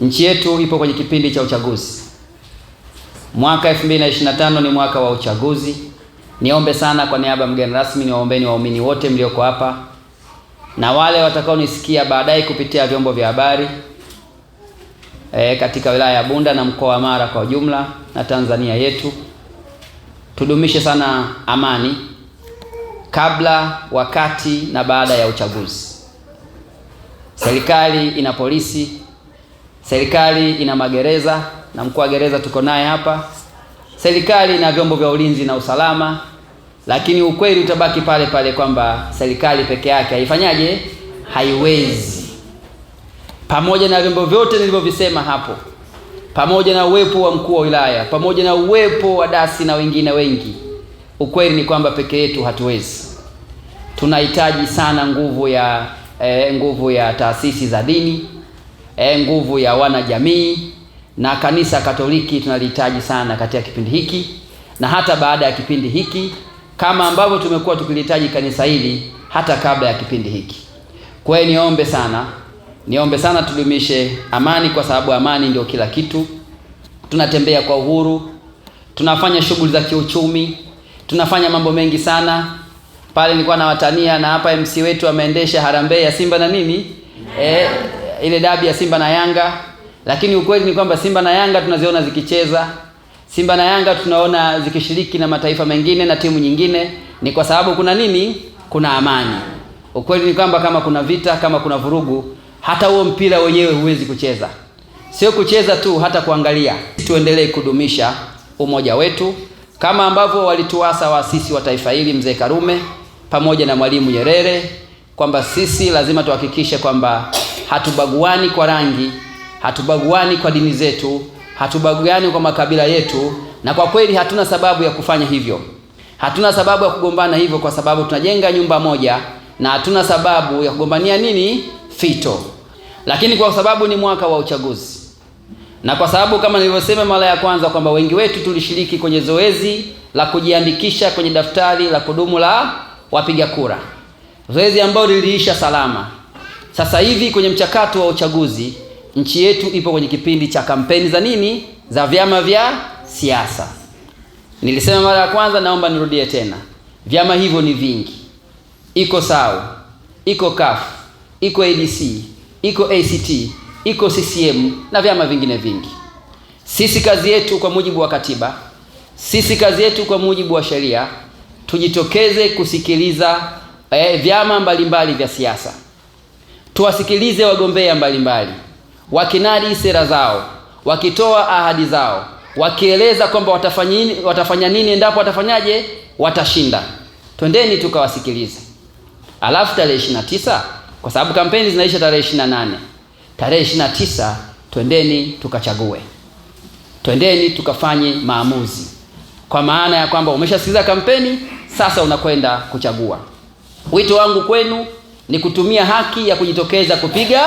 Nchi yetu ipo kwenye kipindi cha uchaguzi. Mwaka 2025 ni mwaka wa uchaguzi. Niombe sana kwa niaba ya mgeni rasmi, niwaombeni waumini wote mlioko hapa na wale watakaonisikia baadaye kupitia vyombo vya habari e, katika wilaya ya Bunda na mkoa wa Mara kwa ujumla na Tanzania yetu, tudumishe sana amani kabla, wakati na baada ya uchaguzi. Serikali ina polisi Serikali ina magereza na mkuu wa gereza tuko naye hapa. Serikali ina vyombo vya ulinzi na usalama, lakini ukweli utabaki pale pale kwamba serikali peke yake haifanyaje, haiwezi. Pamoja na vyombo vyote nilivyovisema hapo, pamoja na uwepo wa mkuu wa wilaya, pamoja na uwepo wa dasi na wengine wengi, ukweli ni kwamba peke yetu hatuwezi. Tunahitaji sana nguvu ya eh, nguvu ya taasisi za dini e, nguvu ya wanajamii na kanisa Katoliki tunalihitaji sana katika kipindi hiki na hata baada ya kipindi hiki, kama ambavyo tumekuwa tukilihitaji kanisa hili hata kabla ya kipindi hiki. Kwa hiyo niombe sana, niombe sana tudumishe amani, kwa sababu amani ndio kila kitu. Tunatembea kwa uhuru, tunafanya shughuli za kiuchumi, tunafanya mambo mengi sana. Pale nilikuwa na watania na hapa MC wetu ameendesha harambee ya Simba na nini eh ile dabi ya Simba na Yanga, lakini ukweli ni kwamba Simba na Yanga tunaziona zikicheza, Simba na Yanga tunaona zikishiriki na mataifa mengine na timu nyingine, ni kwa sababu kuna nini? Kuna amani. Ukweli ni kwamba kama kuna vita, kama kuna vurugu, hata huo mpira wenyewe huwezi kucheza. Sio kucheza tu, hata kuangalia. Tuendelee kudumisha umoja wetu kama ambavyo walituasa waasisi wa taifa hili mzee Karume pamoja na Mwalimu Nyerere kwamba sisi lazima tuhakikishe kwamba hatubaguani kwa rangi, hatubaguani kwa dini zetu, hatubaguani kwa makabila yetu, na kwa kweli hatuna sababu ya kufanya hivyo. Hatuna sababu ya kugombana hivyo, kwa sababu tunajenga nyumba moja, na hatuna sababu ya kugombania nini fito. Lakini kwa sababu ni mwaka wa uchaguzi, na kwa sababu kama nilivyosema mara ya kwanza kwamba wengi wetu tulishiriki kwenye zoezi la kujiandikisha kwenye daftari la kudumu la wapiga kura, zoezi ambalo liliisha salama. Sasa hivi kwenye mchakato wa uchaguzi, nchi yetu ipo kwenye kipindi cha kampeni za nini, za vyama vya siasa. Nilisema mara ya kwanza, naomba nirudie tena, vyama hivyo ni vingi. Iko SAU, iko CUF, iko ADC, iko ACT, iko CCM na vyama vingine vingi. Sisi kazi yetu kwa mujibu wa katiba, sisi kazi yetu kwa mujibu wa sheria, tujitokeze kusikiliza eh, vyama mbalimbali mbali vya siasa tuwasikilize wagombea mbalimbali wakinadi sera zao, wakitoa ahadi zao, wakieleza kwamba watafanya, nini endapo watafanyaje, watashinda. Twendeni tukawasikilize. Alafu tarehe 29 kwa sababu kampeni zinaisha tarehe 28, tarehe 29 twendeni tukachague, twendeni tukafanye maamuzi, kwa maana ya kwamba umeshasikiliza kampeni, sasa unakwenda kuchagua. Wito wangu kwenu ni kutumia haki ya kujitokeza kupiga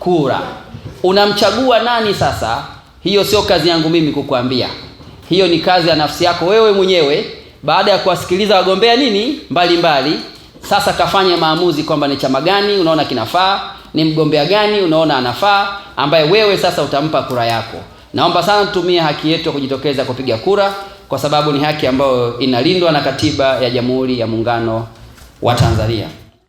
kura. Unamchagua nani sasa? Hiyo sio kazi yangu mimi kukuambia, hiyo ni kazi ya nafsi yako wewe mwenyewe, baada ya kuwasikiliza wagombea nini mbalimbali mbali. Sasa kafanye maamuzi kwamba ni chama gani unaona kinafaa, ni mgombea gani unaona anafaa, ambaye wewe sasa utampa kura yako. Naomba sana tutumie haki yetu ya kujitokeza kupiga kura, kwa sababu ni haki ambayo inalindwa na Katiba ya Jamhuri ya Muungano wa Tanzania.